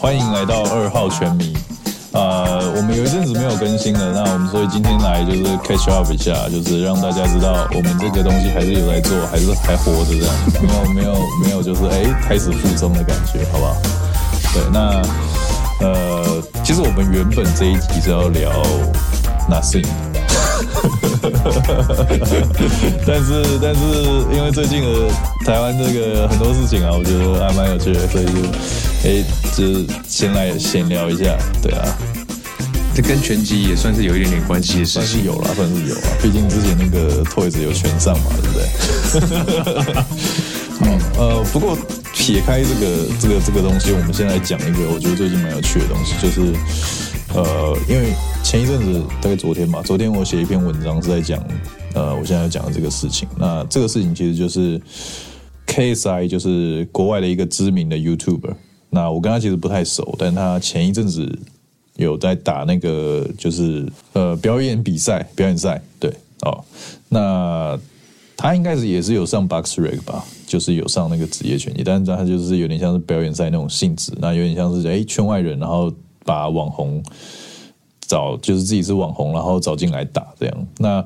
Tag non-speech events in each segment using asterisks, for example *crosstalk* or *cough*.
歡迎來到二號全民。呃，我們有一陣子沒有更新了，那我們所以今天來就是 catch up 一下，就是讓大家知道我們這個東西還是有在做，還是還活着這樣，沒有沒有沒有，沒有就是哎，開始復生的感覺，好不好？對，那呃，其實我們原本這一集是要聊 nothing。 *laughs* 但是，但是，因為最近的台灣這個很多事情啊，我覺得還蠻有趣的，所以就誒、欸，就是，先來閒聊一下。對啊，這跟拳擊也算是有一點點關係，算是有啦，算是有啊。畢竟之前那個 Toyz 有拳上嘛，對不對？ *laughs* *laughs* 嗯，呃，不過撇開這個、這個、這個東西，我們先來講一個我覺得最近蠻有趣的東西，就是。呃，因為前一陣子大概昨天吧，昨天我寫一篇文章是在講，呃，我現在要講的這個事情。那這個事情其實就是 KSI，就是國外的一個知名的 YouTuber。那我跟他其實不太熟，但他前一陣子有在打那個，就是呃表演比賽，表演賽，對，哦，那他應該是也是有上 BoxRec 吧，就是有上那個職業拳擊，但是他就是有點像是表演賽那種性質，那有點像是哎圈外人，然後。把網紅找，就是自己是網紅，然後找進來打這樣。那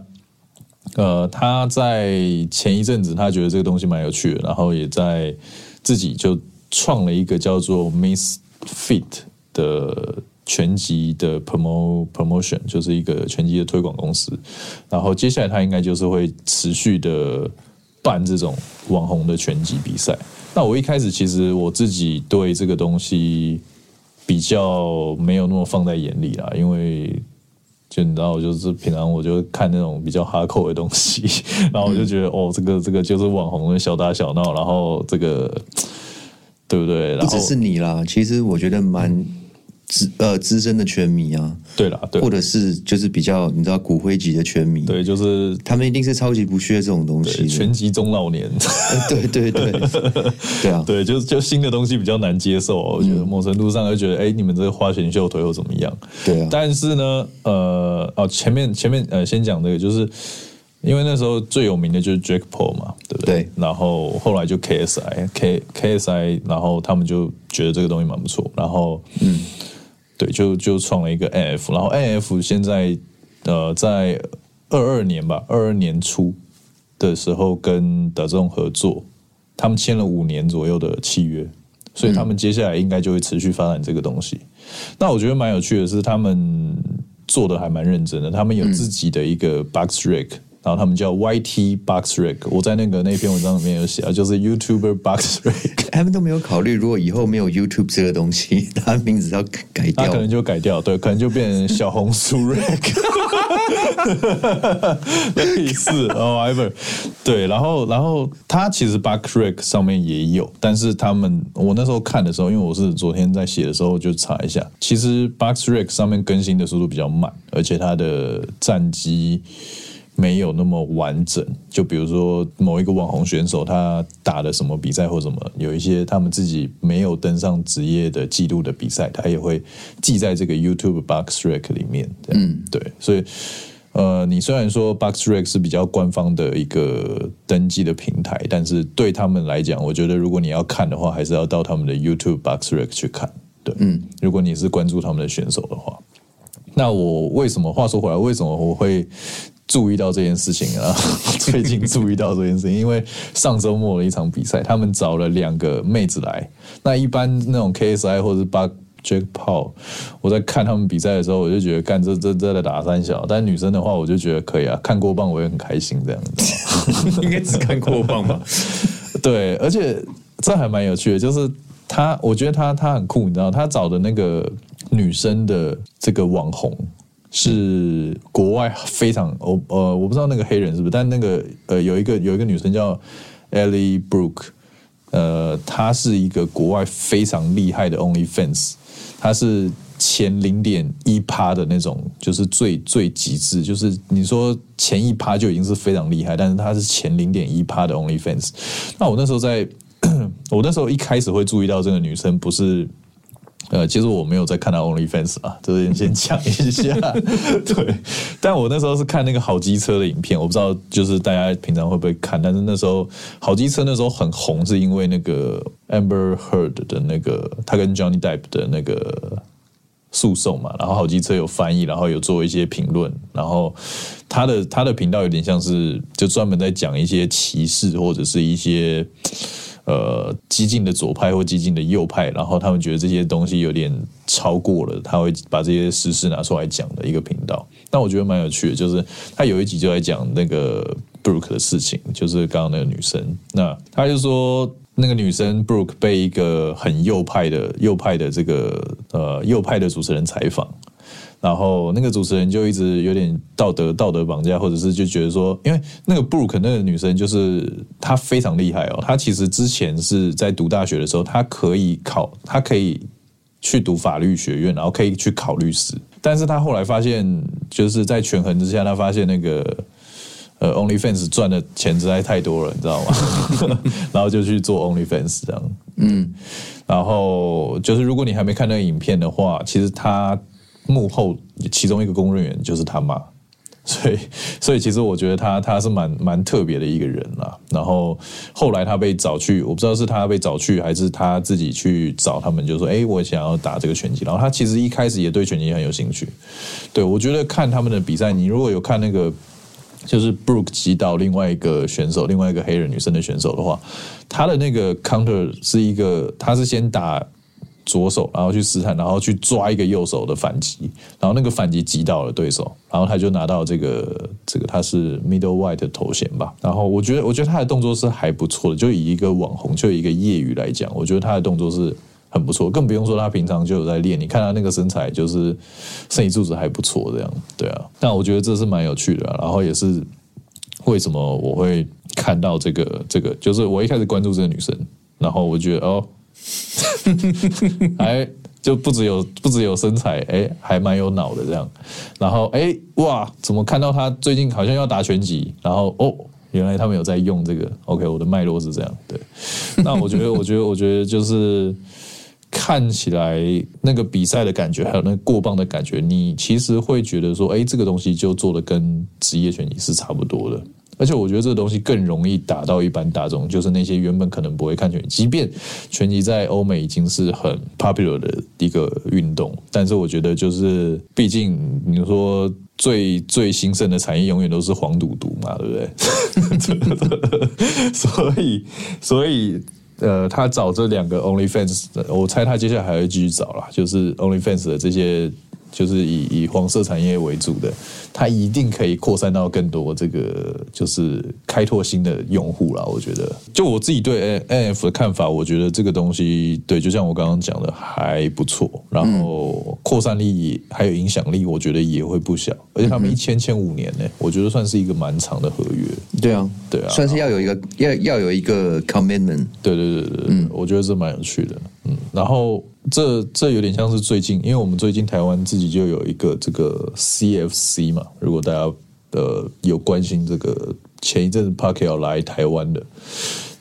呃，他在前一陣子，他覺得這個東西蠻有趣的，然後也在自己就創了一個叫做 Misfit 的拳擊的 promo promotion，就是一個拳擊的推廣公司。然後接下來他應該就是會持續的辦這種網紅的拳擊比賽。那我一開始其實我自己對這個東西。比較沒有那麼放在眼裡啦，因為就你知道，就是平常我就看那種比較哈扣的東西，然後我就覺得、嗯、哦，這個這個就是網紅的小打小鬧，然後這個對不對，對？然後不只是你啦，其實我覺得蠻，嗯資呃資深的拳迷啊，對了，或者是就是比較你知道骨灰級的拳迷，對，就是他們一定是超級不屑這種東西，拳擊中老年，對對對，對啊，對，就就新的東西比較難接受，我覺得某程度上就覺得，哎，你們這個花拳繡腿又怎麼樣，對。但是呢，呃，哦，前面前面呃先講那個，就是因為那時候最有名的就是 Jake Paul 嘛，對不對？然後後來就 KSI，K KSI，然後他們就覺得這個東西蠻不錯，然後嗯。對，就就創了一個 MF，然後 MF 現在，呃，在二二年吧，二二年初的時候跟 DAZN 合作，他們簽了五年左右的契約，所以他們接下來應該就會持續發展這個東西。嗯、那我覺得蠻有趣的是，他們做的還蠻認真的，他們有自己的一個 Box Rack 然後他們叫 YT Box r i c k 我在那個那篇文章裡面有寫啊，就是 YouTuber Box r i c k 他們都沒有考慮，如果以後沒有 YouTube 這個東西，他名字要改掉、啊，可能就改掉，對，可能就變成小紅書 r i c k 哈哈哈哈。類似，哦、oh,，Ever 對，然後然後他其實 Box r i c k 上面也有，但是他們我那時候看的時候，因為我是昨天在寫的時候就查一下，其實 Box r i c k 上面更新的速度比較慢，而且它的戰績。沒有那麼完整，就比如說某一個網紅選手他打的什麼比賽或什麼，有一些他們自己沒有登上職業的記錄的比賽，他也會記在這個 YouTube Box Rec 裡面。嗯，對，所以呃，你雖然說 Box Rec 是比較官方的一個登記的平台，但是對他們來講，我覺得如果你要看的話，還是要到他們的 YouTube Box Rec 去看。對，嗯，如果你是關注他們的選手的話，那我為什麼話說回來，為什麼我會？注意到這件事情啊，最近注意到這件事情，因為上周末的一場比賽，他們找了兩個妹子來。那一般那種 KSI 或者是把 Jack Paul，我在看他們比賽的時候，我就覺得，幹這這這在打三小，但女生的話，我就覺得可以啊，看過磅我也很開心這樣子。 *laughs* *laughs* 應該只看過磅吧？對，而且這還蠻有趣的，就是他，我覺得他他很酷，你知道，他找的那個女生的這個網紅。是國外非常我呃，我不知道那個黑人是不是，但那個呃有一個有一個女生叫 Ellie Brooke，呃，她是一個國外非常厲害的 OnlyFans，她是前零點一趴的那種，就是最最極致，就是你說前一趴就已經是非常厲害，但是她是前零點一趴的 OnlyFans。那我那時候在，我那時候一開始會注意到這個女生不是。呃，其實我沒有在看到 OnlyFans 啊，就是先講一下。 *laughs* 對，但我那時候是看那個好機車的影片，我不知道就是大家平常會不會看，但是那時候好機車那時候很紅，是因為那個 Amber Heard 的那個他跟 Johnny Depp 的那個訴訟嘛，然後好機車有翻譯，然後有做一些評論，然後他的他的頻道有點像是就專門在講一些歧視或者是一些。呃，激進的左派或激進的右派，然後他們覺得這些東西有點超過了，他會把這些時事拿出來講的一個頻道。但我覺得蠻有趣的，就是他有一集就在講那個布魯克的事情，就是剛剛那個女生，那他就說那個女生布魯克被一個很右派的右派的這個呃右派的主持人採訪。然後那個主持人就一直有點道德道德綁架，或者是就覺得說，因為那個布魯克那個女生就是她非常厲害哦，她其實之前是在讀大學的時候，她可以考，她可以去讀法律學院，然後可以去考律師，但是她後來發現，就是在權衡之下，她發現那個呃 OnlyFans 賺的錢實在太多了，你知道嗎？ *laughs* *laughs* 然後就去做 OnlyFans 這樣，嗯，然後就是如果你還沒看那個影片的話，其實她。幕後其中一個工作人員就是他媽，所以所以其實我覺得他他是蠻蠻特別的一個人了、啊。然後後來他被找去，我不知道是他被找去還是他自己去找他們，就說：“哎，我想要打這個拳擊。”然後他其實一開始也對拳擊很有興趣。對，我覺得看他們的比賽，你如果有看那個就是 Brooke 擊倒另外一個選手，另外一個黑人女生的選手的話，他的那個 counter 是一個，他是先打。左手，然後去試探，然後去抓一個右手的反擊，然後那個反擊擊倒了對手，然後他就拿到這個這個他是 middleweight 的頭銜吧。然後我覺得，我覺得他的動作是還不錯的，就以一個網紅，就以一個業餘來講，我覺得他的動作是很不錯，更不用說他平常就有在練。你看他那個身材，就是身體素質還不錯這樣，對啊。但我覺得這是蠻有趣的、啊，然後也是為什麼我會看到這個這個，就是我一開始關注這個女生，然後我覺得哦。哎， *laughs* 還就不只有不只有身材，哎、欸，還蠻有腦的這樣。然後，哎、欸，哇，怎麼看到他最近好像要打拳擊？然後，哦，原來他們有在用這個。OK，我的脈絡是這樣。對，那我覺得，我覺得，我覺得，就是看起來那個比賽的感覺，還有那個過磅的感覺，你其實會覺得說，哎、欸，這個東西就做的跟職業拳擊是差不多的。而且我覺得這個東西更容易打到一般大眾，就是那些原本可能不會看拳擊，即便拳擊在歐美，已經是很 popular 的一個運動，但是我覺得就是，畢竟你說最最興盛的產業永遠都是黃賭毒嘛，對不對？ *laughs* *laughs* 所以，所以呃，他找這兩個 only fans 的，我猜他接下來還會繼續找啦，就是 only fans 的這些。就是以以黃色產業為主的，它一定可以擴散到更多這個就是開拓新的用戶啦。我覺得，就我自己對 MF 的看法，我覺得這個東西對，就像我剛剛講的，還不錯。然後擴散力還有影響力，我覺得也會不小。嗯、而且他們一簽簽五年呢、欸，我覺得算是一個蠻長的合約。對啊，對啊，算是要有一個後要要有一個 commitment。對，對對對對，嗯，我覺得這蠻有趣的。嗯，然後。這這有點像是最近，因為我們最近台灣自己就有一個這個 CFC 嘛，如果大家呃有關心這個前一陣子帕克要來台灣的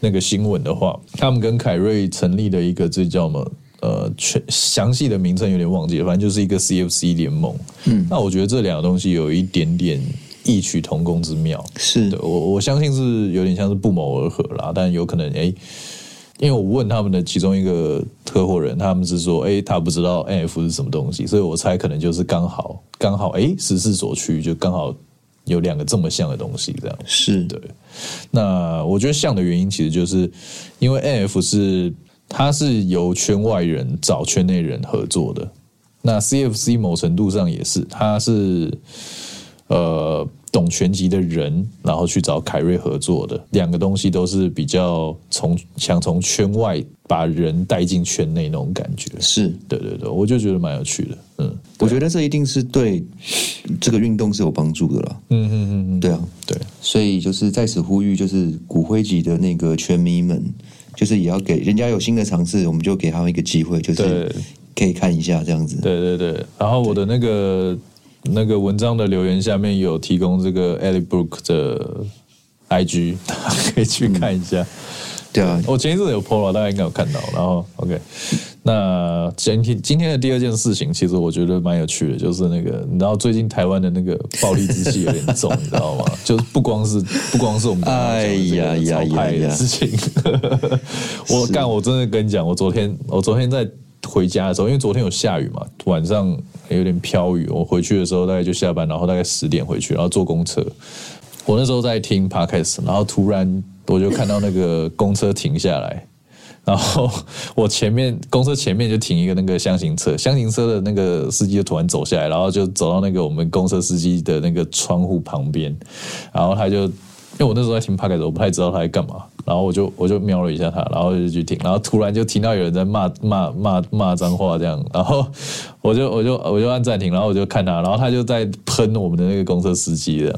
那個新聞的話，他們跟凱瑞成立的一個這叫什麼呃詳，詳細的名稱有點忘記了，反正就是一個 CFC 聯盟。嗯，那我覺得這兩個東西有一點點異曲同工之妙，是我我相信是有點像是不謀而合啦，但有可能哎。誒因為我問他們的其中一個合夥人，他們是說，哎，他不知道 MF 是什麼東西，所以我猜可能就是剛好剛好，哎，時勢所趨，就剛好有兩個這麼像的東西這樣。是的，那我覺得像的原因其實就是因為 MF 是它是由圈外人找圈內人合作的，那 C F C 某程度上也是，它是，呃。懂拳擊的人，然後去找凱瑞合作的兩個東西都是比較從想從圈外把人帶進圈內那種感覺，是對對對，我就覺得蠻有趣的，嗯，我覺得這一定是對這個運動是有幫助的啦，嗯哼嗯嗯，對啊，對，所以就是在此呼籲，就是骨灰級的那個拳迷們，就是也要給人家有新的嘗試，我們就給他們一個機會，就是可以看一下這樣子，對，對對對，然後我的那個。那個文章的留言下面有提供這個 Ellie Brook 的 IG，可以去看一下。嗯、對啊，我、哦、前一陣有 po 了，大家應該有看到。然後 OK，那今天今天的第二件事情，其實我覺得蠻有趣的，就是那個，你知道最近台灣的那個暴戾之氣有點重， *laughs* 你知道嗎？就是，不光是不光是我們哎呀的、的、超派的事情。哎、 *laughs* 我幹，是我真的跟你講，我昨天我昨天在回家的時候，因為昨天有下雨嘛，晚上。有點飄雨，我回去的時候大概就下班，然後大概十點回去，然後坐公車。我那時候在聽 Podcast，然後突然我就看到那個公車停下來，然後我前面公車前面就停一個那個箱型車，箱型車的那個司機就突然走下來，然後就走到那個我們公車司機的那個窗戶旁邊，然後他就。因為我那時候在聽帕克的，我不太知道他在幹嘛，然後我就我就瞄了一下他，然後就去聽，然後突然就聽到有人在罵罵罵罵髒話這樣，然後我就我就我就按暫停，然後我就看他，然後他就在噴我們的那個公車司機這樣，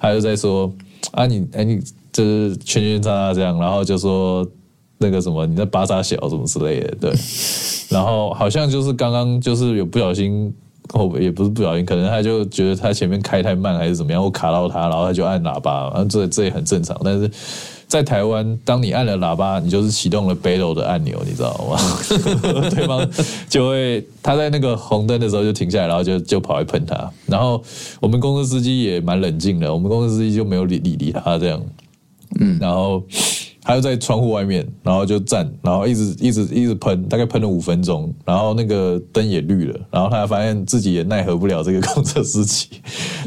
他就在說啊你哎、啊、你就是圈圈叉叉這樣，然後就說那個什麼你在巴扎小什麼之類的對，然後好像就是剛剛就是有不小心。我也不是不小心，可能他就覺得他前面開太慢還是怎麼樣，我卡到他，然後他就按喇叭，這這也很正常。但是在台灣，當你按了喇叭，你就是啟動了 Battle 的按鈕，你知道嗎？ *laughs* 對方就會他在那個紅燈的時候就停下來，然後就就跑來噴他。然後我們公司司機也蠻冷靜的，我們公司司機就沒有理理、理他這樣。嗯，然後，他又在窗戶外面，然後就站，然後一直一直一直噴，大概噴了五分鐘，然後那個燈也綠了，然後他發現自己也奈何不了這個公車司機，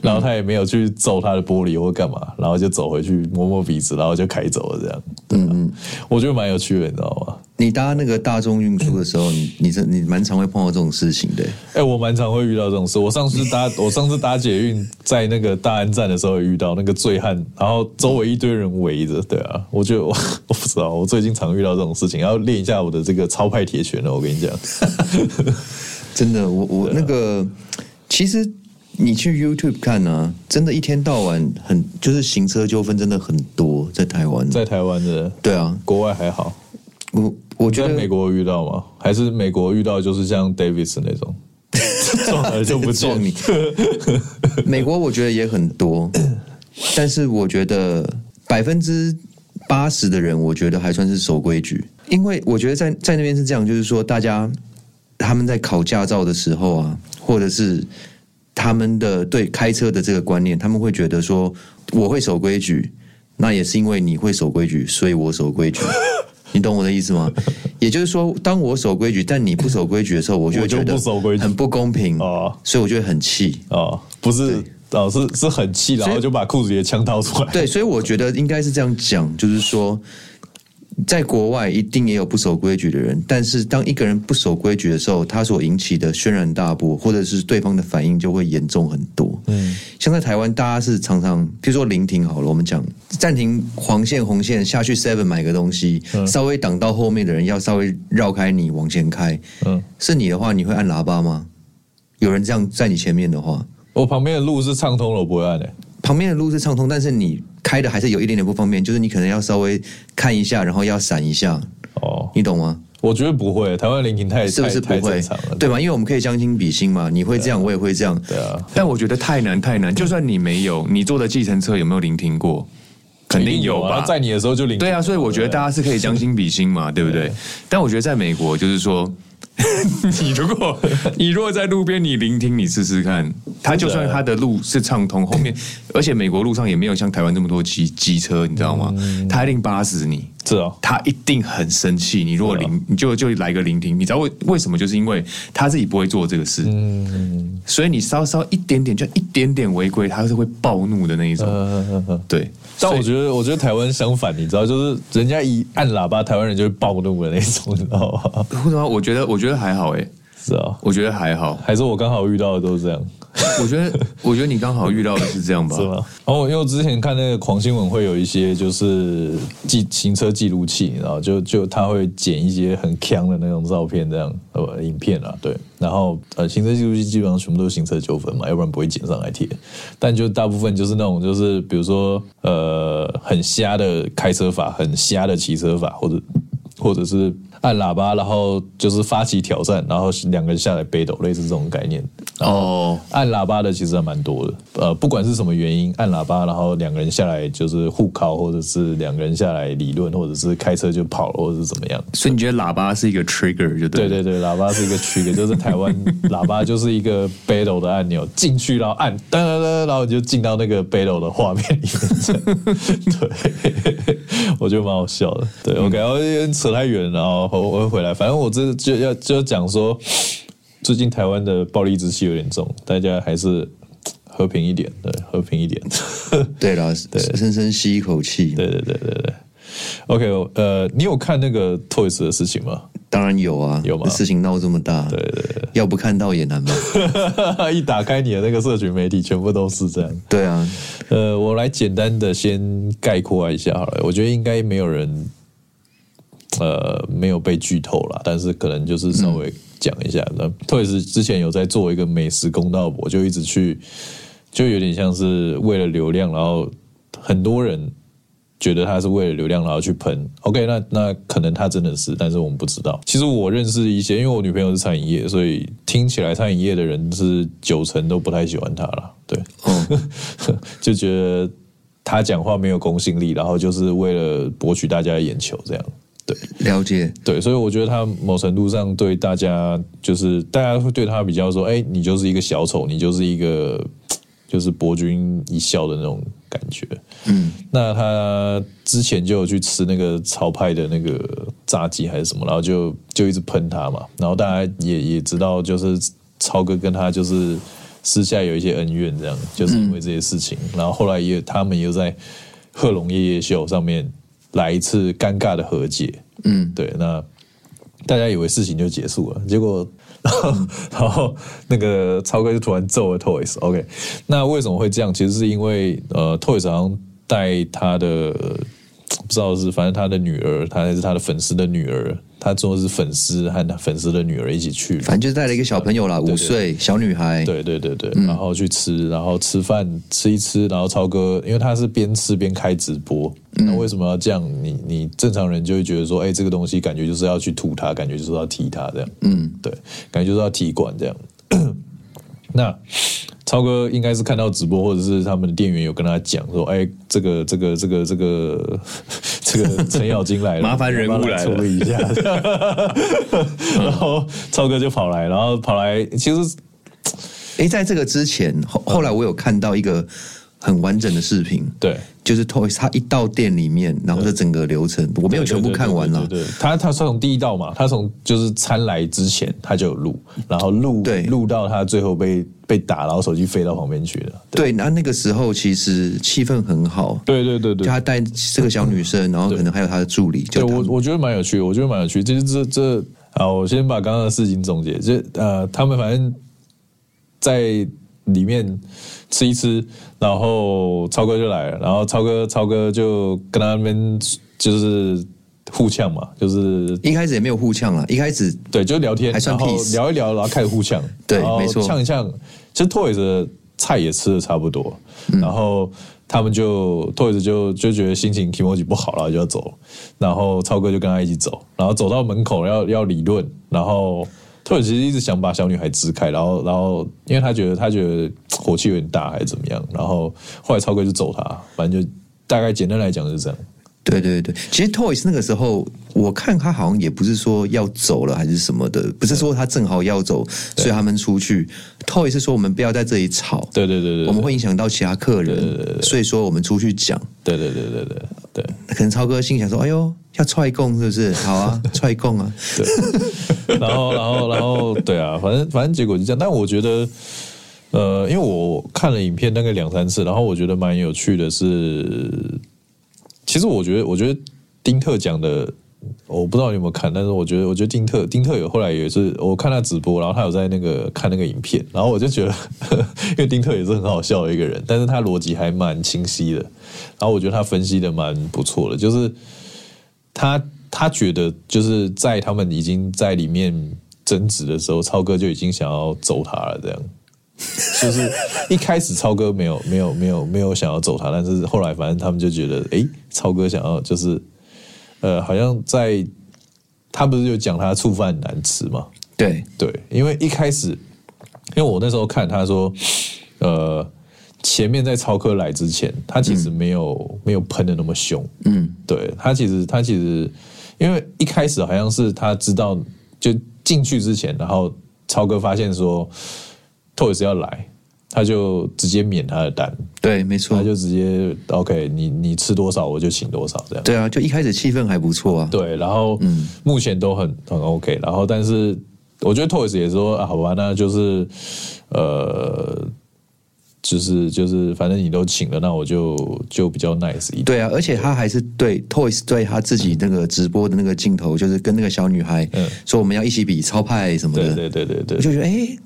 然後他也沒有去揍他的玻璃或幹嘛，然後就走回去摸摸鼻子，然後就開走了，這樣，嗯嗯，對啊，我覺得蠻有趣的，你知道嗎？你搭那個大眾運輸的時候，你這你這你蠻常會碰到這種事情的、欸。哎、欸，我蠻常會遇到這種事。我上次搭，我上次搭捷運在那個大安站的時候，遇到那個醉漢，然後周圍一堆人圍着。對啊，我就我，我不知道，我最近常遇到這種事情，然後練一下我的這個超派鐵拳了。我跟你講， *laughs* 真的，我我、啊、那個，其實你去 YouTube 看呢、啊，真的一天到晚很就是行車糾紛真的很多，在台灣，在台灣的，對啊，國外還好，我。我覺得在美國遇到嗎？還是美國遇到就是像 Davis 那種，撞了 *laughs* 就不 *laughs* 撞你。美國我覺得也很多， *coughs* 但是我覺得百分之八十的人，我覺得還算是守規矩。因為我覺得在在那邊是這樣，就是說大家他們在考駕照的時候啊，或者是他們的對開車的這個觀念，他們會覺得說我會守規矩，那也是因為你會守規矩，所以我守規矩。 *laughs* 你懂我的意思嗎？ *laughs* 也就是說，當我守規矩，但你不守規矩的時候，我就會覺得很不公平哦，所以我就會很氣、哦、不是老對、哦、是是很氣，然後就把褲子裡的槍掏出來。對，所以我覺得應該是這樣講， *laughs* 就是說。在國外一定也有不守規矩的人，但是當一個人不守規矩的時候，他所引起的軒然大波，或者是對方的反應就會嚴重很多。嗯，像在台灣，大家是常常，譬如說臨停好了，我們講暫停黃線紅線下去 seven 買個東西，嗯、稍微擋到後面的人要稍微繞開你往前開。嗯，是你的話，你會按喇叭嗎？有人這樣在你前面的話，我旁邊的路是暢通了，我不會按的、欸。旁邊的路是暢通，但是你開的還是有一點點不方便，就是你可能要稍微看一下，然後要閃一下。哦，你懂嗎？我覺得不會，台灣的聆聽太是不是不會？對吧？因為我們可以將心比心嘛，你會這樣，啊、我也會這樣。對啊，但我覺得太難太難。就算你沒有，對你坐的計程車有沒有聆聽過？肯定有吧。肯定有啊，在你的時候就聆聽。對啊，所以我覺得大家是可以將心比心嘛，是對不對？對但我覺得在美國，就是說。 *laughs* 你如果你如果在路邊，你聆聽，你試試看，他就算他的路是暢通，後面而且美國路上也沒有像台灣這麼多機機車，你知道嗎？他一定巴死你，是哦，他一定很生氣。你如果聆，你就就來個聆聽，你知道為為什麼？就是因為他自己不會做這個事，嗯、所以你稍稍一點點，就一點點違規，他是會暴怒的那一種，呵呵呵，對。所但我覺得，我覺得台灣相反，你知道，就是人家一按喇叭，台灣人就會暴怒的那種，你知道嗎？我覺得，我覺得還好誒、欸是啊，我覺得還好，還是我剛好遇到的都是這樣。我覺得，我覺得你剛好遇到的是這樣吧？ *laughs* 是嗎？然後、哦，因為我之前看那個狂新聞會有一些就是記行車記錄器，然後就就他會剪一些很強的那種照片，這樣呃、哦，影片啊，對。然後呃，行車記錄器基本上全部都是行車糾紛嘛，要不然不會剪上來貼。但就大部分就是那種，就是比如說呃，很瞎的開車法，很瞎的騎車法，或者或者是。按喇叭，然後就是發起挑戰，然後兩個人下來 battle 類似這種概念。哦，oh. 按喇叭的其實還蠻多的，呃，不管是什麼原因，按喇叭，然後兩個人下來就是互考，或者是兩個人下來理論，或者是開車就跑了，或者是怎麼樣。所以你覺得喇叭是一個 trigger，對對，對對？對對，喇叭是一個 trigger，就是台灣喇叭就是一個 battle 的按鈕， *laughs* 進去然後按，當噠噠，然後你就進到那個 battle 的畫面裡面去。對，我覺得蠻好笑的。對，我感覺扯太遠了。然後我我會回來，反正我這就要就要講說，最近台灣的暴力之氣有點重，大家還是和平一點，對，和平一點。對了啦，對，深深吸一口氣。對對對對 OK，呃，你有看那個 Toyz 的事情嗎？當然有啊，有嗎？事情鬧這麼大，對對對，要不看到也難吧？ *laughs* 一打開你的那個社群媒體，全部都是這樣。對啊，呃，我來簡單的先概括一下好了，我覺得應該沒有人。呃，沒有被劇透啦，但是可能就是稍微講一下。那、嗯、特別是之前有在做一個美食公道伯，我就一直去，就有點像是為了流量，然後很多人覺得他是為了流量然後去噴。OK，那那可能他真的是，但是我們不知道。其實我認識一些，因為我女朋友是餐飲業，所以聽起來餐飲業的人是九成都不太喜歡他啦。對，嗯、 *laughs* 就覺得他講話沒有公信力，然後就是為了博取大家的眼球這樣。了解，對，所以我覺得他某程度上對大家，就是大家會對他比較說，哎，你就是一個小丑，你就是一個就是博君一笑的那種感覺。嗯，那他之前就有去吃那個超派的那個炸雞還是什麼，然後就就一直噴他嘛，然後大家也也知道，就是超哥跟他就是私下有一些恩怨，這樣，就是因為這些事情，嗯、然後後來也他們又在賀龍夜夜秀上面，來一次尷尬的和解，嗯，對，那大家以為事情就結束了，結果，然後，然後那個超哥就突然揍了 Toys。OK，那為什麼會這樣？其實是因為呃，Toys 好像帶他的。不知道是，反正他的女兒，他還是他的粉絲的女兒，他做是粉絲和粉絲的女兒一起去，反正就是帶了一個小朋友啦，五歲歲小女孩，對，對對對對，嗯、然後去吃，然後吃飯吃一吃，然後超哥因為他是邊吃邊開直播，那、嗯、為什麼要這樣？你你正常人就會覺得說，哎、欸，這個東西感覺就是要去吐他，感覺就是要踢他這樣，嗯，對，感覺就是要踢館這樣， *coughs* 那。超哥應該是看到直播，或者是他們的店員有跟他講說：“哎、欸，這個、這個、這個、這個、這個，程咬金來了， *laughs* 麻煩人物來處理一下。” *laughs* 然後超哥就跑來，然後跑來，其實、欸，在這個之前，後、嗯、後來我有看到一個。很完整的視頻，對，就是 Toyz, 他一到店裡面，然後這整個流程對我沒有全部看完了對對對對對對對。他他從第一道嘛，他從就是餐來之前他就有錄，然後錄對錄到他最後被被打，然後手機飛到旁邊去了。對，對那那個時候其實氣氛很好，對對對對。就他帶這個小女生，嗯、然後可能還有他的助理。對，就我我覺得蠻有趣，我覺得蠻有趣。就是這這啊，我先把剛剛的事情總結，就呃，他們反正在。裡面吃一吃，然後超哥就來了，然後超哥超哥就跟他們就是互嗆嘛，就是一開始也沒有互嗆了，一開始對就聊天，還算 peace，然後聊一聊，然後開始互嗆，嗆嗆 *laughs* 對，沒錯，嗆一嗆，就 Toyz 的菜也吃的差不多，嗯、然後他們就 Toyz 就就覺得心情 emo 不好了，然後就要走，然後超哥就跟他一起走，然後走到門口要要理論，然後。托爾其實一直想把小女孩支開，然後，然後，因為他覺得他覺得火氣有點大還是怎麼樣，然後後來超哥就揍他。反正就大概簡單來講是這樣。對對對，其實 Toyz 那個時候，我看他好像也不是說要走了還是什麼的，不是說他正好要走，對所以他們出去。Toyz 說：“我們不要在這裡吵，對，對對對對，我們會影響到其他客人。對對對對對所以說我們出去講，對對對對對對，對可能超哥心想說：‘哎呦，要踹共是不是？好啊， *laughs* 踹共啊。對’”對 *laughs* *laughs* 然後，然後，然後，對啊，反正反正結果是這樣。但我覺得，呃，因為我看了影片大概兩三次，然後我覺得蠻有趣的。是，其實我覺得，我覺得丁特講的，我不知道你有沒有看，但是我覺得，我覺得丁特丁特有後來也是，我看他直播，然後他有在那個看那個影片，然後我就覺得呵呵，因為丁特也是很好笑的一個人，但是他邏輯還蠻清晰的，然後我覺得他分析的蠻不錯的，就是他。他覺得就是在他們已經在裡面爭執的時候，超哥就已經想要揍他了。這樣， *laughs* 就是一開始超哥沒有沒有沒有沒有想要揍他，但是後來反正他們就覺得，哎、欸，超哥想要就是呃，好像在他不是就講他醋飯難吃嘛？對對，因為一開始因為我那時候看他說，呃，前面在超哥來之前，他其實沒有、嗯、沒有噴的那麼凶。嗯，對，他其實他其實。他其實因為一開始好像是他知道就進去之前，然後超哥發現說，Toyz 要來，他就直接免他的單。對，沒錯，他就直接 OK，你你吃多少我就請多少這樣。對啊，就一開始氣氛還不錯啊。對，然後嗯，目前都很很 OK，然後但是我覺得 Toyz 也說啊，好吧，那就是呃。就是就是，就是、反正你都請了，那我就就比較 nice 一點。對啊，而且他還是對，對 Toys 對他自己那個直播的那個鏡頭，嗯、就是跟那個小女孩說我們要一起比超派什麼的。對對，對對對對對，我就覺得哎，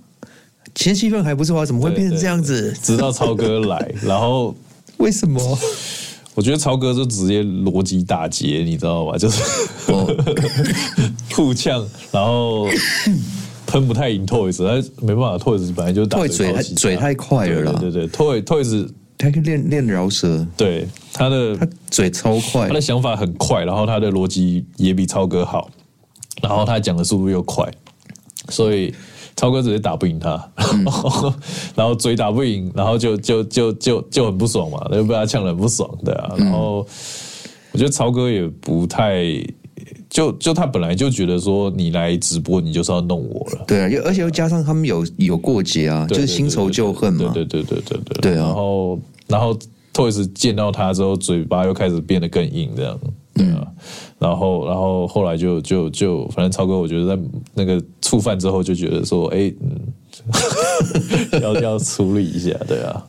前戲份還不錯啊，怎麼會變成這樣子？直到超哥來， *laughs* 然後為什麼？我覺得超哥就直接邏輯打結，你知道吧？就是互、oh. *laughs* 嗆，然後。 *coughs* 分不太贏 Toyz 他沒辦法，Toyz 本來就打不贏，嘴太快了。對對對，Toyz，他可以練練饒舌，對他的他嘴超快，他的想法很快，然後他的邏輯也比超哥好，然後他講的速度又快，所以超哥直接打不贏他，嗯、 *laughs* 然後嘴打不贏，然後就就就就就很不爽嘛，就被他嗆得很不爽對啊。然後、嗯、我覺得超哥也不太。就就他本來就覺得說你來直播你就是要弄我了，對啊，又而且又加上他們有有過節啊，對對對對對就是新仇舊恨嘛，對對，對對對對對對，對啊、然後然後 Toyz 見到他之後嘴巴又開始變得更硬這樣，對啊。嗯、然後然後後來就就就反正超哥我覺得在那個觸犯之後就覺得說哎嗯 *laughs* 要要處理一下，對啊。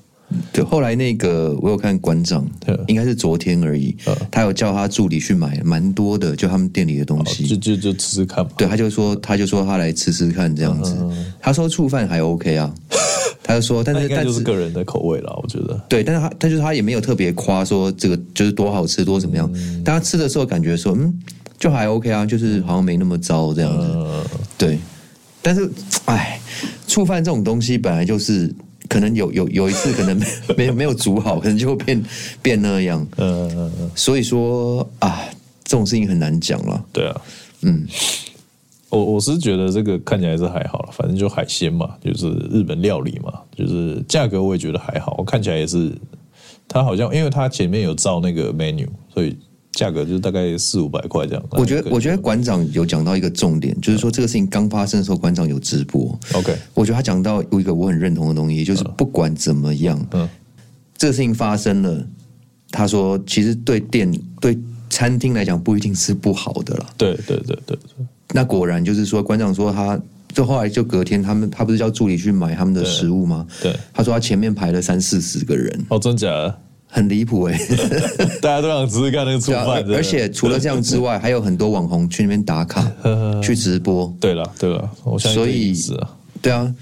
對，後來那個我有看館長，嗯、應該是昨天而已，嗯、他有叫他助理去買蠻多的，就他們店裡的東西，就就就吃吃看嘛。對，他就說，他就說他來吃吃看這樣子，嗯、他說醋飯還 OK 啊，嗯、他就說，但是但是個人的口味啦，我覺得，對，但是他他就是他也沒有特別誇說這個就是多好吃多怎麼樣，嗯、但他吃的時候感覺說嗯，就還 OK 啊，就是好像沒那麼糟這樣子，嗯、對，但是哎，醋飯這種東西本來就是。可能有有有一次可能沒有 *laughs* 沒，沒有煮好，可能就會變變那樣。嗯，所以說啊，這種事情很難講了。對啊，嗯，我我是覺得這個看起來是還好了，反正就海鮮嘛，就是日本料理嘛，就是價格我也覺得還好。我看起來也是，他好像因為他前面有照那個 menu，所以。價格就是大概四五百塊這樣。我覺得，我覺得館長有講到一個重點，就是說這個事情剛發生的時候，館長有直播。OK，我覺得他講到有一個我很認同的東西，就是不管怎麼樣，嗯，這個事情發生了，他說其實對店、對餐廳來講不一定是不好的了。對對對對，那果然就是說，館長說他，就後來就隔天，他們他不是叫助理去買他們的食物嗎？對，他說他前面排了三四十個人。哦，真假？很離譜哎，大家都想吃，吃看那個粗、 *laughs* 啊、而且除了這樣之外，還有很多網紅去那邊打卡、 *laughs* 去直播。對了，對了，我以啊、所以，對啊，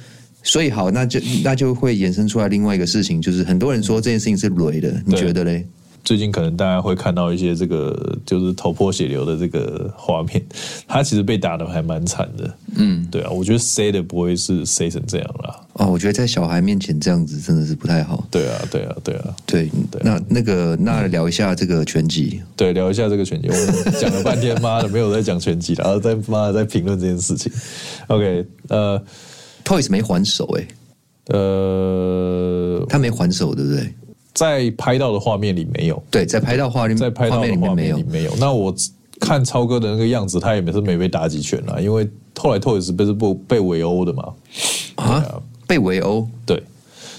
所以好，那就那就會衍生出來另外一個事情，就是很多人說這件事情是雷的，你覺得嘞？最近可能大家會看到一些這個就是頭破血流的這個畫面，他其實被打的還蠻慘的。嗯，對啊，我覺得 C 的不會是 C 成這樣了。哦，我覺得在小孩面前這樣子真的是不太好。對啊。對啊，對啊，對啊，對。那那個那聊一下這個拳擊，嗯，對，聊一下這個拳擊。我講了半天，媽的，沒有在講拳擊，然後在媽的在評論這件事情。OK，呃、uh，Toys 沒還手哎、欸，呃，他沒還手，對不對？在拍到的畫面裡沒有。對，在拍到畫面裡面沒有，在拍到畫面裡沒有。那我看超哥的那個樣子，他也是沒被打幾拳啊，因為後來 Toys 不是被被圍毆的嘛。啊？啊被圍毆，對，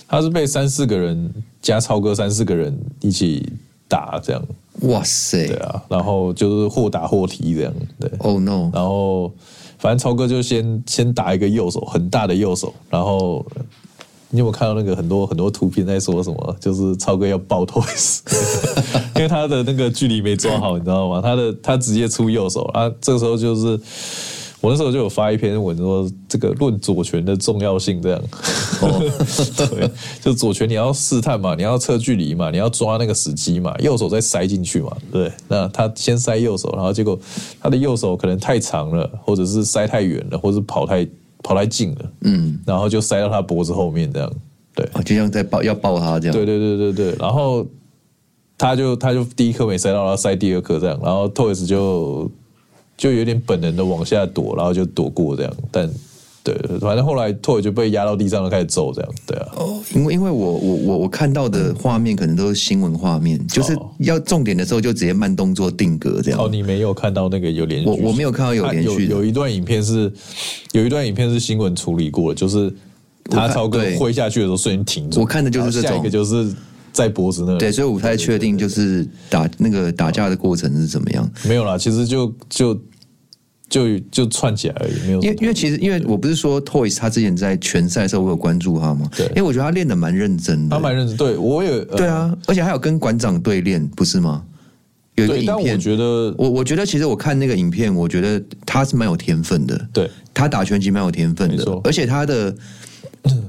他是被三四個人加超哥三四個人一起打這樣。哇塞，對啊，然後就是或打或踢這樣，對。哦、oh, no！然後反正超哥就先先打一個右手很大的右手，然後你有沒有看到那個很多很多圖片在說什麼？就是超哥要爆頭 *laughs* 因為他的那個距離沒抓好，你知道嗎？他的他直接出右手啊，他這個時候就是。我那時候就有發一篇文說，這個論左拳的重要性這樣，oh. *laughs* 對，就左拳你要試探嘛，你要測距離嘛，你要抓那個時機嘛，右手再塞進去嘛，對，那他先塞右手，然後結果他的右手可能太長了，或者是塞太遠了，或者是跑太跑太近了，嗯，然後就塞到他脖子後面這樣，對，oh, 就像在抱要抱他這樣，對對對對對，然後他就他就第一顆沒塞到，他塞第二顆這樣，然後 Toyz 就。就有點本能的往下躲，然後就躲過這樣。但對，反正後來 Toyz 就被壓到地上了，開始揍這樣。對啊，因為因為我我我我看到的畫面可能都是新聞畫面，嗯、就是要重點的時候就直接慢動作定格這樣。好、哦，你沒有看到那個有連續，我我沒有看到有連續有。有一段影片是，有一段影片是新聞處理過的，就是他超哥揮下去的時候瞬間停住。我看的就是這個就是。在脖子那對，所以我不太確定，就是打那個打架的過程是怎麼樣。對對對對沒有啦，其實就就就就，就串起來而已。沒有，因為因為其實因為我不是說 Toys 他之前在拳賽時候我有關注他嗎？對，因為我覺得他練的蠻認真的。他蠻認真，對我也對啊，而且還有跟館長對練，不是嗎？有一個影片，我覺得我我覺得其實我看那個影片，我覺得他是蠻有天分的。對，他打拳擊蠻有天分的，沒錯。而且他的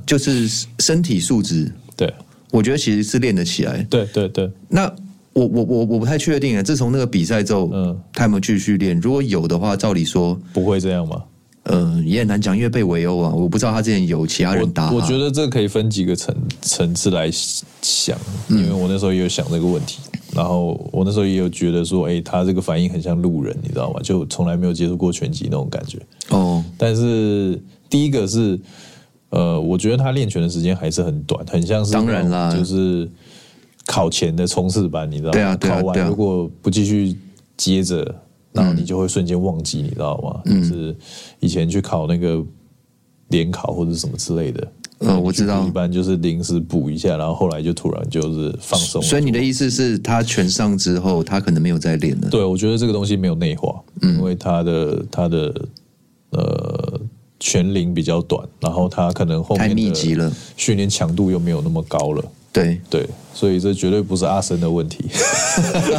就是身體素質對。我覺得其實是練得起來，對對對。那我我我我不太確定啊，自從那個比賽之後，嗯，他有沒有繼續練？如果有的話，照理說不會這樣嗎？嗯、呃，也很難講，因為被圍毆啊，我不知道他之前有其他人打我。我覺得這可以分幾個層層次來想，因為我那時候也有想這個問題，嗯、然後我那時候也有覺得說，哎、欸，他這個反應很像路人，你知道嗎？就從來沒有接觸過拳擊那種感覺。哦，但是第一個是。呃，我覺得他練拳的時間還是很短，很像是，當然啦，就是考前的衝刺班，你知道嗎？對、啊？對啊，考、啊、完如果不繼續接着，然後你就會瞬間忘記，嗯、你知道嗎？就是以前去考那個聯考或者什麼之類的，嗯，我知道，一般就是臨時補一下，然後後來就突然就是放鬆。所以你的意思是，他拳上之後，他可能沒有再練了？對，我覺得這個東西沒有內化，因為他的、嗯、他的呃。全齡比較短，然後他可能後面太密集了，訓練強度又沒有那麼高了。對對，所以這絕對不是阿森的問題。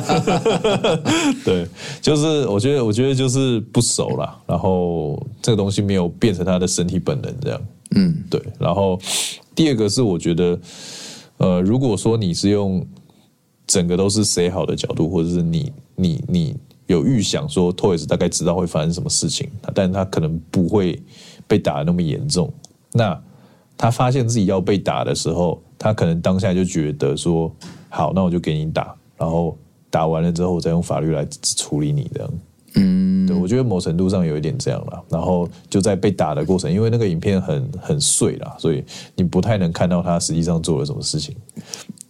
*laughs* 對，就是我覺得，我覺得就是不熟了，然後這個東西沒有變成他的身體本能這樣。嗯，對。然後第二個是，我覺得，呃，如果說你是用整個都是誰好的角度，或者是你你你。你有預想說，Toyz 大概知道會發生什麼事情，但他可能不會被打得那麼嚴重。那他發現自己要被打的時候，他可能當下就覺得說：“好，那我就給你打。”然後打完了之後，我再用法律來處理你這樣。嗯，對我覺得某程度上有一點這樣了。然後就在被打的過程，因為那個影片很很碎了，所以你不太能看到他實際上做了什麼事情。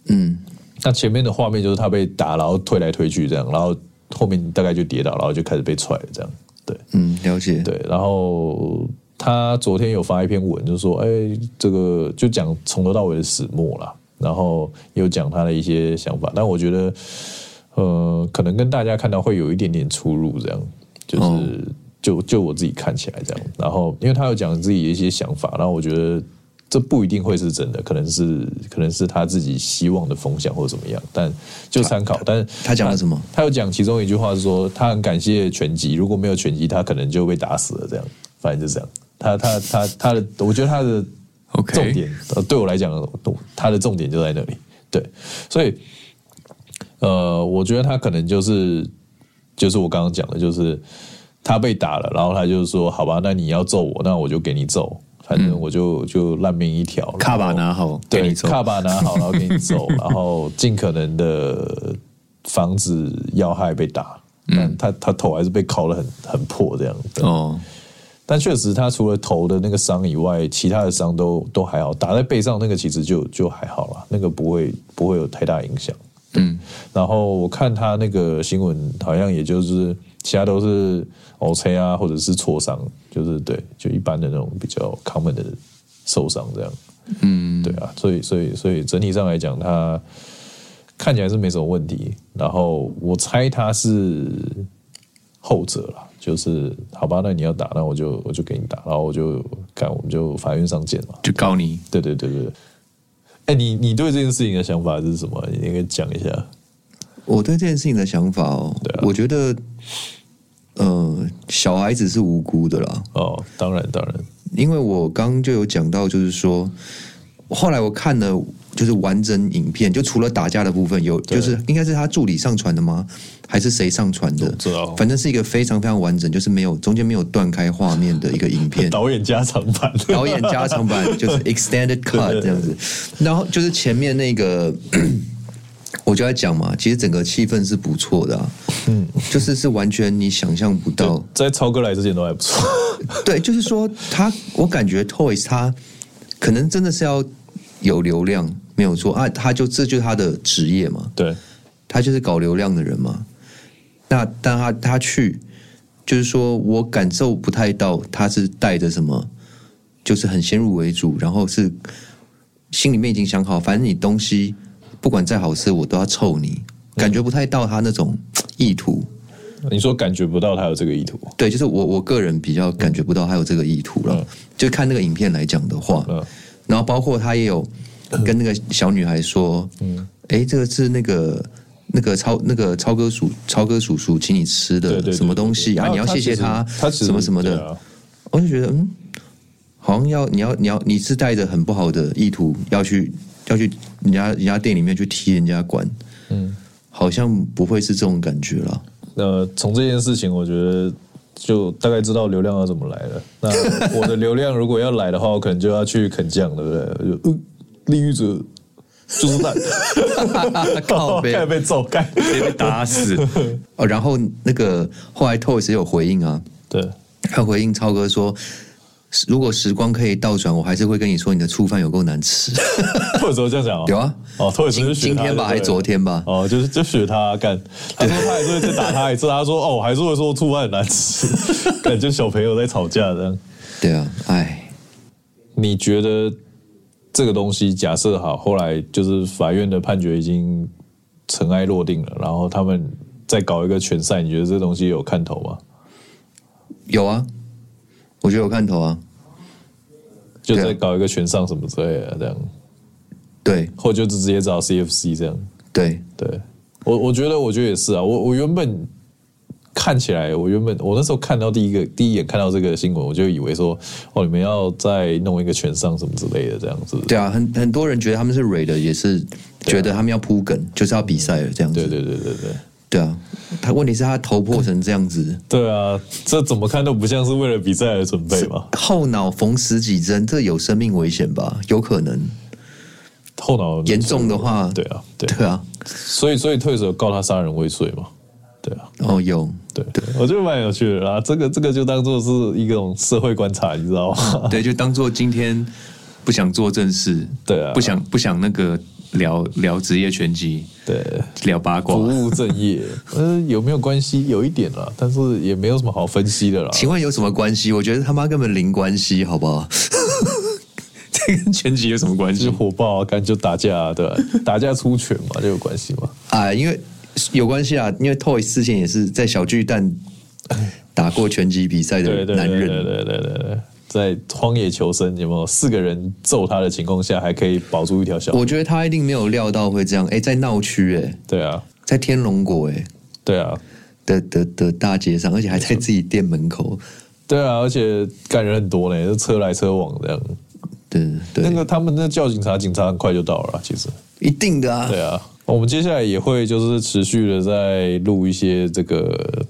嗯，那前面的畫面就是他被打，然後推來推去這樣，然後。後面大概就跌倒，然後就開始被踹，這樣對，嗯，了解，對。然後他昨天有發一篇文，就是說，哎、欸，這個就講從頭到尾的始末啦，然後有講他的一些想法。但我覺得，呃，可能跟大家看到會有一點點出入，這樣就是、哦、就就我自己看起來這樣。然後因為他有講自己一些想法，然後我覺得。這不一定會是真的，可能是可能是他自己希望的風向或怎麼樣，但就參考。他但他，他講了什麼？他有講其中一句話是說，他很感謝拳擊，如果沒有拳擊，他可能就被打死了。這樣，反正就是這樣。他他他他的，我覺得他的重點，Okay. 對我來講，他的重點就在那裡。對，所以，呃，我覺得他可能就是就是我剛剛講的，就是他被打了，然後他就說，好吧，那你要揍我，那我就給你揍。反正我就就爛命一條，嗯、後卡把拿好，對，你卡把拿好然後給你走， *laughs* 然後盡可能的防止要害被打。嗯，但他他頭還是被敲得很很破這樣子哦。但確實，他除了頭的那個傷以外，其他的傷都都還好。打在背上那個其實就就還好了，那個不會不會有太大影響。對。嗯，然後我看他那個新聞，好像也就是。其他都是偶摔啊，或者是挫傷，就是對，就一般的那種比較 common 的受傷這樣。嗯，對啊，所以所以所以整體上來講，他看起來是沒什麼問題。然後我猜他是後者了，就是好吧，那你要打，那我就我就給你打，然後我就看我們就法院上見了，就告你對。對對對對，對。哎、欸，你你對這件事情的想法是什麼？你應該講一下。我對這件事情的想法哦，對啊、我覺得。呃，小孩子是無辜的啦。哦，當然當然，因為我剛剛就有講到，就是說，後來我看了就是完整影片，就除了打架的部分，有就是應該是他助理上傳的嗎？還是誰上傳的？反正是一個非常非常完整，就是沒有中間沒有斷開畫面的一個影片。 *laughs* 導演加長版，導演加長版就是 extended cut *laughs* 對對這樣子。然後就是前面那個咳咳。我就在講嘛，其實整個氣氛是不錯的啊，嗯， *laughs* 就是是完全你想象不到，在超哥來之前都還不錯， *laughs* 對，就是說他，我感覺 Toyz 他可能真的是要有流量，沒有錯啊，他就這就是他的職業嘛，對，他就是搞流量的人嘛。那但他他去，就是說我感受不太到他是帶着什麼，就是很先入為主，然後是心裡面已經想好，反正你東西。不管再好吃，我都要抽你。感覺不太到他那種意圖、嗯。你說感覺不到他有這個意圖？對，就是我我個人比較感覺不到他有這個意圖了。嗯、就看那個影片來講的話，嗯、然後包括他也有跟那個小女孩說：“嗯，哎、欸，這個是那個那個超那個超哥叔超哥叔叔請你吃的，對對對，什麼東西啊？啊你要謝謝他，他，他什麼什麼的。啊”我就覺得，嗯，好像要你要你要你是帶着很不好的意圖要去。要去人家人家店裡面去踢人家館，嗯，好像不會是這種感覺了。那從、呃、這件事情，我覺得就大概知道流量要怎麼來了。那我的流量如果要來的話，我可能就要去啃醬了，對不對？嗯，利、呃、益者就是那，靠，別被揍開被打死。 *laughs* 哦，然後那個後來 Toyz 有回應啊，對，他回應超哥說。如果時光可以倒轉，我還是會跟你說你的醋飯有夠難吃。或者 *laughs* 這樣講，有啊嗎，哦，是今天吧，對還是昨天吧？哦，就，就學他幹對是就是他敢，他說他還是會再打他一次。 *laughs* 他說哦，我還是會說醋飯很難吃。感覺 *laughs* 小朋友在吵架這樣。對啊，哎，你覺得這個東西，假設哈？後來就是法院的判決已經塵埃落定了，然後他們再搞一個拳賽，你覺得這個東西有看頭嗎？有啊。我覺得有看頭啊，就再搞一個拳上什麼之類的這樣，對，或者就直直接找 CFC 這樣，對對，我我覺得我覺得也是啊，我我原本看起來，我原本我那時候看到第一個第一眼看到這個新聞，我就以為說哦，你們要再弄一個拳上什麼之類的這樣子，對啊，很很多人覺得他們是 ready 的，也是覺得他們要鋪梗，啊、就是要比賽了這樣子，對，對對對對對。對啊，他問題是他頭破成這樣子。 *laughs* 對啊，這怎麼看都不像是為了比賽而準備吧？後腦縫十幾針，這有生命危險吧？有可能。後腦嚴重的話，對啊，對啊，所以所以退手告他殺人未遂嘛？對啊，哦有，對對，對我覺得蠻有趣的啦。這個這個就當做是一個種社會觀察，你知道嗎？嗯、對，就當做今天不想做正事，對啊，不想不想那個。聊聊職業拳擊，對，聊八卦不務正業，嗯， *laughs* 有沒有關係？有一點啦，但是也沒有什麼好分析的啦。請問有什麼關係？我覺得他媽根本零關係，好不好？ *laughs* *laughs* 這跟拳擊有什麼關係？ *laughs* 火爆啊，感覺就打架啊，對吧、啊？打架出拳嘛，這有關係嗎？呃、因為，因為有關係啊，因為 Toyz 之前也是在小巨蛋打過拳擊比賽的男人， *laughs* 對，對，對，對，對，對對對對對。在荒野求生，有沒有四個人揍他的情況下，還可以保住一條小命？我覺得他一定沒有料到會這樣。哎、欸，在鬧區、欸，哎，對啊，在天龍國、欸，哎，對啊的的的大街上，而且還在自己店門口，對啊，而且客人很多嘞、欸，就車來車往這樣。對，對那個他們那叫警察，警察很快就到了，其實一定的啊。對啊，我們接下來也會就是持續的再錄一些這個。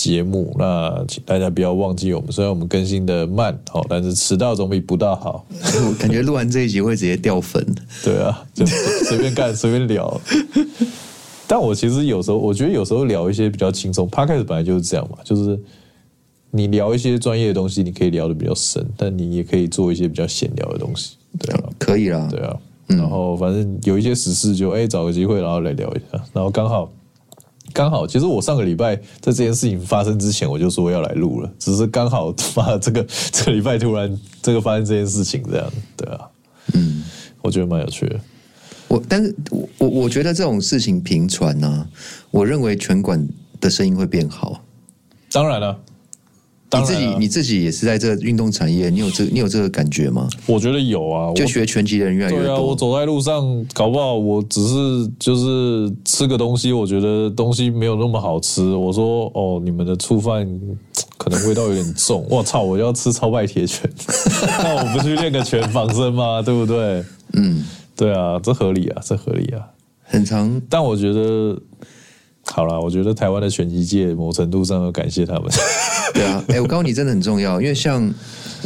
節目那，請大家不要忘記我們。雖然我們更新的慢哦，但是遲到總比不到好。 *laughs* 我感覺錄完這一集會直接掉分。對啊，就隨便幹， *laughs* 隨便聊。但我其實有時候，我覺得有時候聊一些比較輕鬆，Podcast 本來就是這樣嘛，就是你聊一些專業的東西，你可以聊得比較深，但你也可以做一些比較閒聊的東西。對啊，嗯、可以啦，對啊。嗯、然後反正有一些時事就，就哎找個機會然後來聊一下，然後剛好。剛好，其實我上個禮拜在這件事情發生之前，我就說要來錄了，只是剛好發這個這個禮拜突然這個發生這件事情這樣，對啊，嗯，我覺得蠻有趣的。我，但是我我我覺得這種事情頻傳呢、啊，我認為拳館的聲音會變好，當然了。你自己你自己也是在這個運動產業，你有這個、你有這個感覺嗎？我覺得有啊，就學拳擊的人越來越多。對啊，我走在路上，搞不好我只是就是吃個東西，我覺得東西沒有那麼好吃。我說哦，你們的醋飯可能味道有點重。我操，我要吃超派鐵拳， *laughs* *laughs* 那我不去練個拳防身嗎？對不對？嗯，對啊，這合理啊，這合理啊，很長。但我覺得。好了，我覺得台灣的拳擊界某程度上要感謝他們。 *laughs* 對啊，哎、欸，我告訴你真的很重要，因為像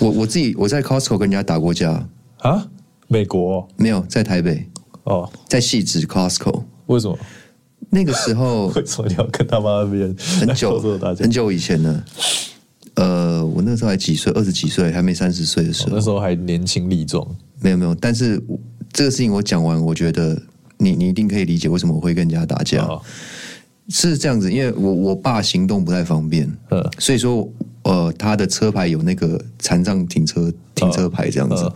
我我自己我在 Costco 跟人家打過架啊？美國沒有在台北哦，在汐止 Costco 為什麼那個時候？為什麼你要跟他媽那邊很久 *laughs* 很久以前呢？ *laughs* 呃，我那時候還幾歲，二十幾歲，還沒三十歲的時候、哦，那時候還年輕力壯。沒有沒有，但是這個事情我講完，我覺得你你一定可以理解為什麼我會跟人家打架。哦是這樣子，因為我我爸行動不太方便，呵所以說呃，他的車牌有那個殘障停車停車牌這樣子。呵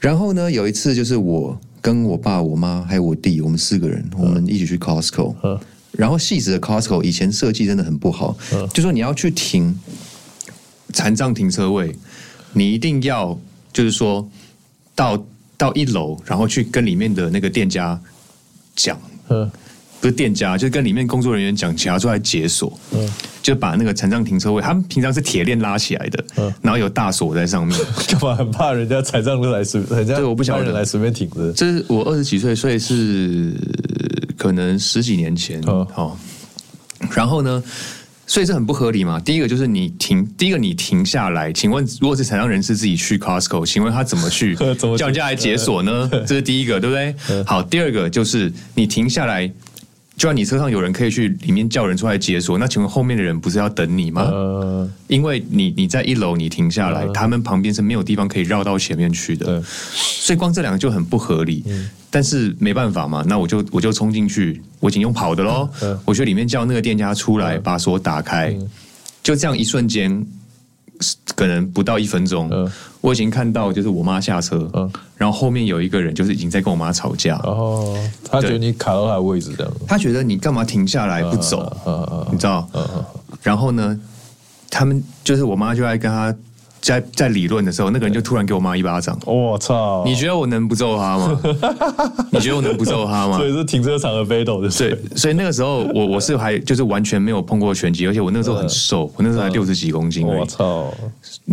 然後呢，有一次就是我跟我爸、我媽還有我弟，我們四個人，呵我們一起去 Costco，呵然後汐止的 Costco 以前設計真的很不好，呵就說你要去停殘障停車位，你一定要就是說到到一樓，然後去跟裡面的那個店家講，店家就跟裡面工作人員講，其他出來解鎖，嗯、就把那個殘障停車位，他們平常是鐵鏈拉起來的，嗯、然後有大鎖在上面，幹 *laughs* 嘛？很怕人家殘障人，人來隨，對我不曉得。來隨便停的，這是我二十幾歲，所以是可能十幾年前哦，哦。然後呢，所以這很不合理嘛。第一個就是你停，第一個你停下來，請問如果是殘障人士自己去 Costco，請問他怎麼去？ *laughs* 怎麼去？叫人家來解鎖呢？嗯、這是第一個，對不對？嗯、好，第二個就是你停下來。就算你車上有人可以去裡面叫人出來解鎖，那請問後面的人不是要等你嗎？Uh、因為你你在一樓你停下來，uh、他們旁邊是沒有地方可以繞到前面去的，uh、所以光這兩個就很不合理。Uh、但是沒辦法嘛，那我就我就衝進去，我已經用跑的嘍，uh、我去裡面叫那個店家出來、uh、把鎖打開，uh、就這樣一瞬間。可能不到一分鐘，我已經看到就是我媽下車，然後後面有一個人就是已經在跟我媽吵架。哦，他覺得你卡到他位置了，他覺得你幹嘛停下來不走？你知道？然後呢，他們就是我媽就愛跟他。在在理論的時候，那個人就突然給我媽一巴掌。我操！你覺得我能不揍他嗎？你覺得我能不揍他嗎？所以是停車場的北斗？對，所以那個時候我我是還就是完全沒有碰過拳擊，而且我那個時候很瘦，我那時候才六十幾公斤。我操！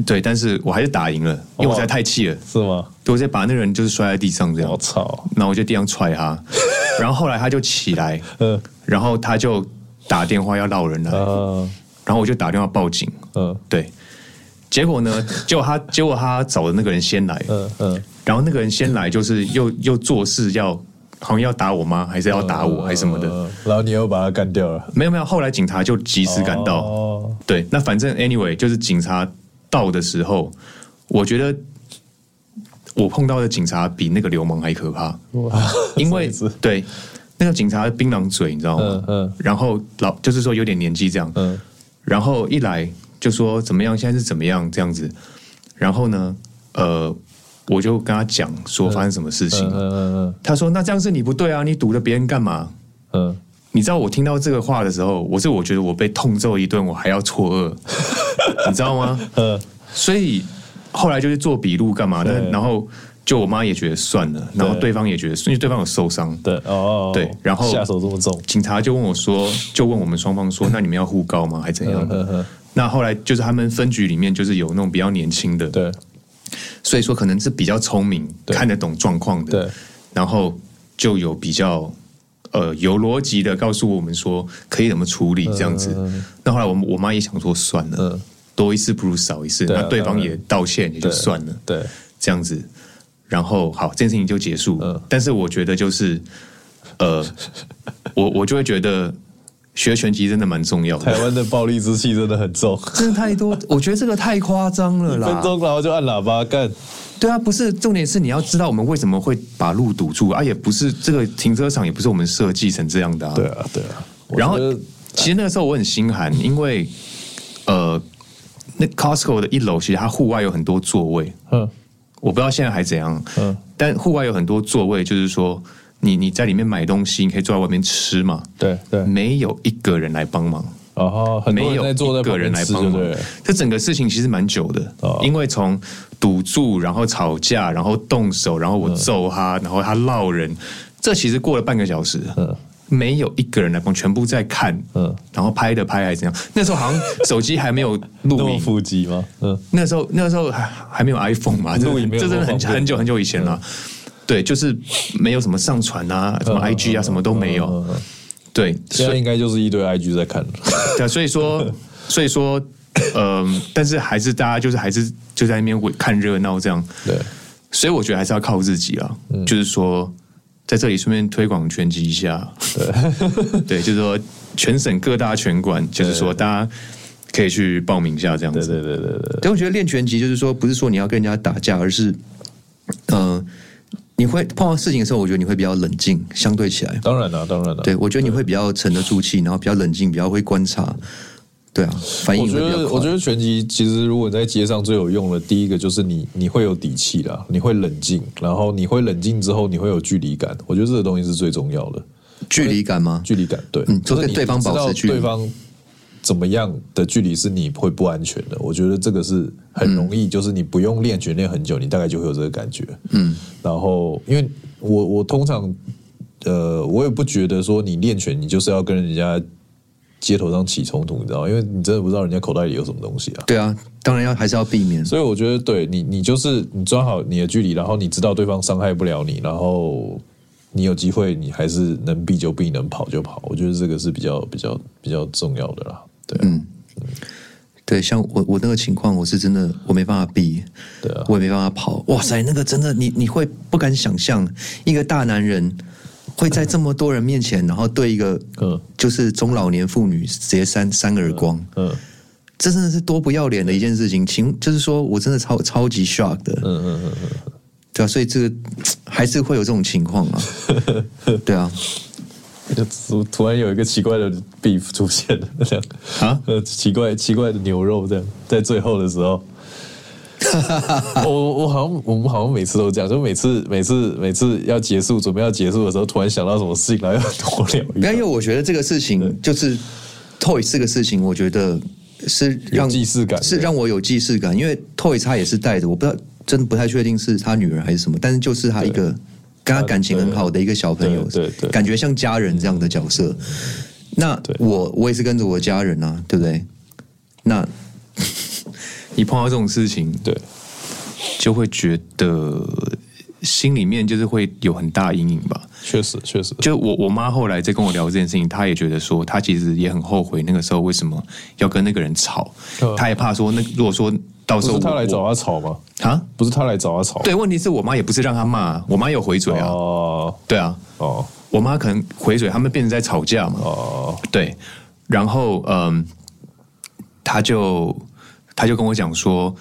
對，但是我還是打贏了，因為我實在太氣了，是嗎？我直接把那個人就是摔在地上，這樣。我操！然後我就地上踹他，然後後來他就起來，然後他就打電話要鬧人了，然後我就打電話報警，嗯，對。結果呢？結果他結果他找的那個人先來，嗯嗯、然後那個人先來，就是又又做事要好像要打我媽，還是要打我，還是什麼的。嗯、然後你又把他幹掉了。沒有沒有，後來警察就及時趕到。哦，對，那反正 anyway，就是警察到的時候，我覺得我碰到的警察比那個流氓還可怕，哇因為對那個警察的檳榔嘴，你知道嗎？嗯嗯、然後老就是說有點年紀這樣，嗯、然後一來。就說怎麼樣，現在是怎麼樣這樣子，然後呢，呃，我就跟他講說發生什麼事情。他說：“那這樣是你不對啊，你堵著別人幹嘛？”嗯，你知道我聽到這個話的時候，我是我覺得我被痛揍一頓，我還要錯愕，你知道嗎？呃，所以後來就是做筆錄幹嘛的，然後就我媽也覺得算了，然後對方也覺得，因為對方有受傷。對哦，對，然後下手這麼重，警察就問我說，就問我們雙方說，那你們要互告嗎，還怎樣？那後來就是他們分局裡面就是有那種比較年輕的，對，所以說可能是比較聰明，對看得懂狀況的，對。然後就有比較呃有邏輯的告訴我們說可以怎麼處理，嗯，這樣子。那後來我我媽也想說算了，嗯，多一事不如少一事，那對，啊、對方也道歉也就算了，對，對對這樣子。然後好，這件事情就結束。嗯，但是我覺得就是呃， *laughs* 我我就會覺得。學拳擊真的蠻重要的，台灣的暴力之氣真的很重， *laughs* 真的太多。我覺得這個太誇張了啦！一分鐘然後就按喇叭幹，幹對啊，不是重點是你要知道我們為什麼會把路堵住啊，也不是這個停車場也不是我們設計成這樣的，啊對啊，對啊對啊。然後其實那個時候我很心寒，唉因為呃，那 Costco 的一樓其實它戶外有很多座位，嗯呵，我不知道現在還怎樣，嗯呵，但戶外有很多座位，就是說。你你在裡面買東西，你可以坐在外面吃嗎？對對，沒有一個人來幫忙，然後沒有一個人來幫忙。這整個事情其實蠻久的，因為從堵住，然後吵架，然後動手，然後我揍他，然後他鬧人，這其實過了半個小時，沒有一個人來幫，全部在看，然後拍的拍還怎樣？那時候好像手機還沒有錄音，那麼普及嗎？那時候那時候還沒有 iPhone 嘛，這這真的很很久很久以前了。對，就是沒有什麼上傳啊，什麼 IG 啊，什麼都沒有。對，所以現在應該就是一堆 IG 在看。 *laughs* 對，所以說，所以說，嗯、呃，但是還是大家就是還是就在那邊看熱鬧這樣。對，所以我覺得還是要靠自己啊。嗯、就是說，在這裡順便推廣拳擊一下。對， *laughs* 對，就是說，全省各大拳館，就是說，大家可以去報名一下這樣子。對對，對對對對對。但我覺得練拳擊就是說，不是說你要跟人家打架，而是，嗯、呃。你會碰到事情的時候，我覺得你會比較冷靜，相對起來當、啊。當然啦、啊，當然啦。對，我覺得你會比較沉得住氣，對然後比較冷靜，比較會觀察。對啊，反應會比較快。我覺得我覺得拳擊其實如果你在街上最有用的，第一個就是你你會有底氣啦，你會冷靜，然後你會冷靜之後你會有距離感。我覺得這個東西是最重要的。距離感嗎？距離感，對、嗯，就是對方保持距離。怎麼樣的距離是你會不安全的？我覺得這個是很容易，嗯，就是你不用練拳練，練很久，你大概就會有這個感覺。嗯，然後因為我我通常，呃，我也不覺得說你練拳你就是要跟人家街頭上起衝突，你知道？因為你真的不知道人家口袋裡有什麼東西啊。對啊，當然要還是要避免。所以我覺得，對，你，你就是你抓好你的距離，然後你知道對方傷害不了你，然後你有機會，你還是能避就避，能跑就跑。我覺得這個是比較比較比較重要的啦。對、啊，嗯，對，像我我那個情況，我是真的，我沒辦法避，對啊，我也沒辦法跑。哇塞，那個真的，你你會不敢想象，一個大男人會在這麼多人面前，嗯、然後對一個，嗯，就是中老年婦女直接扇三個耳光，嗯，這、嗯、真的是多不要臉的一件事情。嗯、情就是說我真的超超級 shock 的，嗯嗯嗯嗯，嗯嗯對啊，所以這個還是會有這種情況啊， *laughs* 對啊。 *laughs* 突突然有一個奇怪的 beef 出現了，啊，奇怪奇怪的牛肉這樣，在最後的時候我，我我好像我們好像每次都這樣，就每次每次每次要結束準備要結束的時候，突然想到什麼事情然後要多聊一點，但因為我覺得這個事情就是 Toyz 這個事情，我覺得是讓既視感，是讓我有既視感。因為 Toyz 他也是帶着，我不知道，真的不太確定是他女兒還是什麼，但是就是他一個。跟他感情很好的一個小朋友，啊、對對對對，感覺像家人這樣的角色。那對我我也是跟着我家人啊，對不對？那你 *laughs* 碰到這種事情，對，就會覺得。心裡面就是會有很大陰影吧，確實，確實。就我我媽後來在跟我聊這件事情，她也覺得說，她其實也很後悔那個時候為什麼要跟那個人吵。呵她也怕說、那個，那如果說到時候，不是她來找他吵嗎？啊，不是她來找他吵。對，問題是我媽也不是讓他罵，我媽有回嘴啊。哦，對啊，哦，我媽可能回嘴，他們變成在吵架嘛。哦，對，然後嗯，她就她就跟我講說。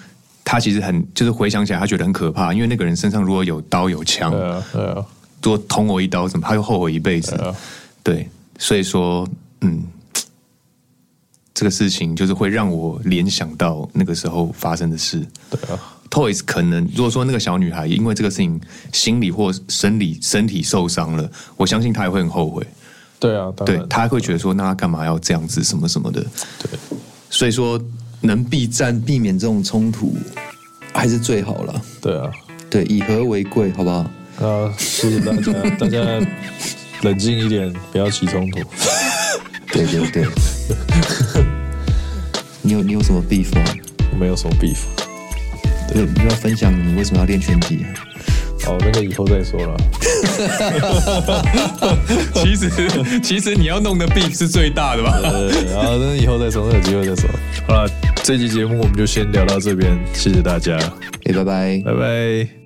他其實很，就是回想起來，他覺得很可怕，因為那個人身上如果有刀有槍，對啊，對啊，如果捅我一刀什麼，他就後悔一輩子，對啊、對。所以說，嗯，這個事情就是會讓我聯想到那個時候發生的事。對啊，Toyz 可能如果說那個小女孩因為這個事情心理或生理身體受傷了，我相信她也會很後悔。對啊，對，她會覺得說，那她幹嘛要這樣子，什麼什麼的。對，所以說。能避戰，避免這種衝突，還是最好了。對啊，對，以和為貴，好不好？啊，謝謝大家， *laughs* 大家冷靜一點，不要起衝突。 *laughs* 對對對， *laughs* 你有你有什麼 beef？我沒有什麼 beef。對，對，你要分享你為什麼要練拳擊。哦，那個以後再說了。 *laughs* *laughs* 其實，其實你要弄的病是最大的吧？對，對，對，然後那以後再說，那有機會再說。好了，這期節目我們就先聊到這邊，謝謝大家，也拜拜，拜拜。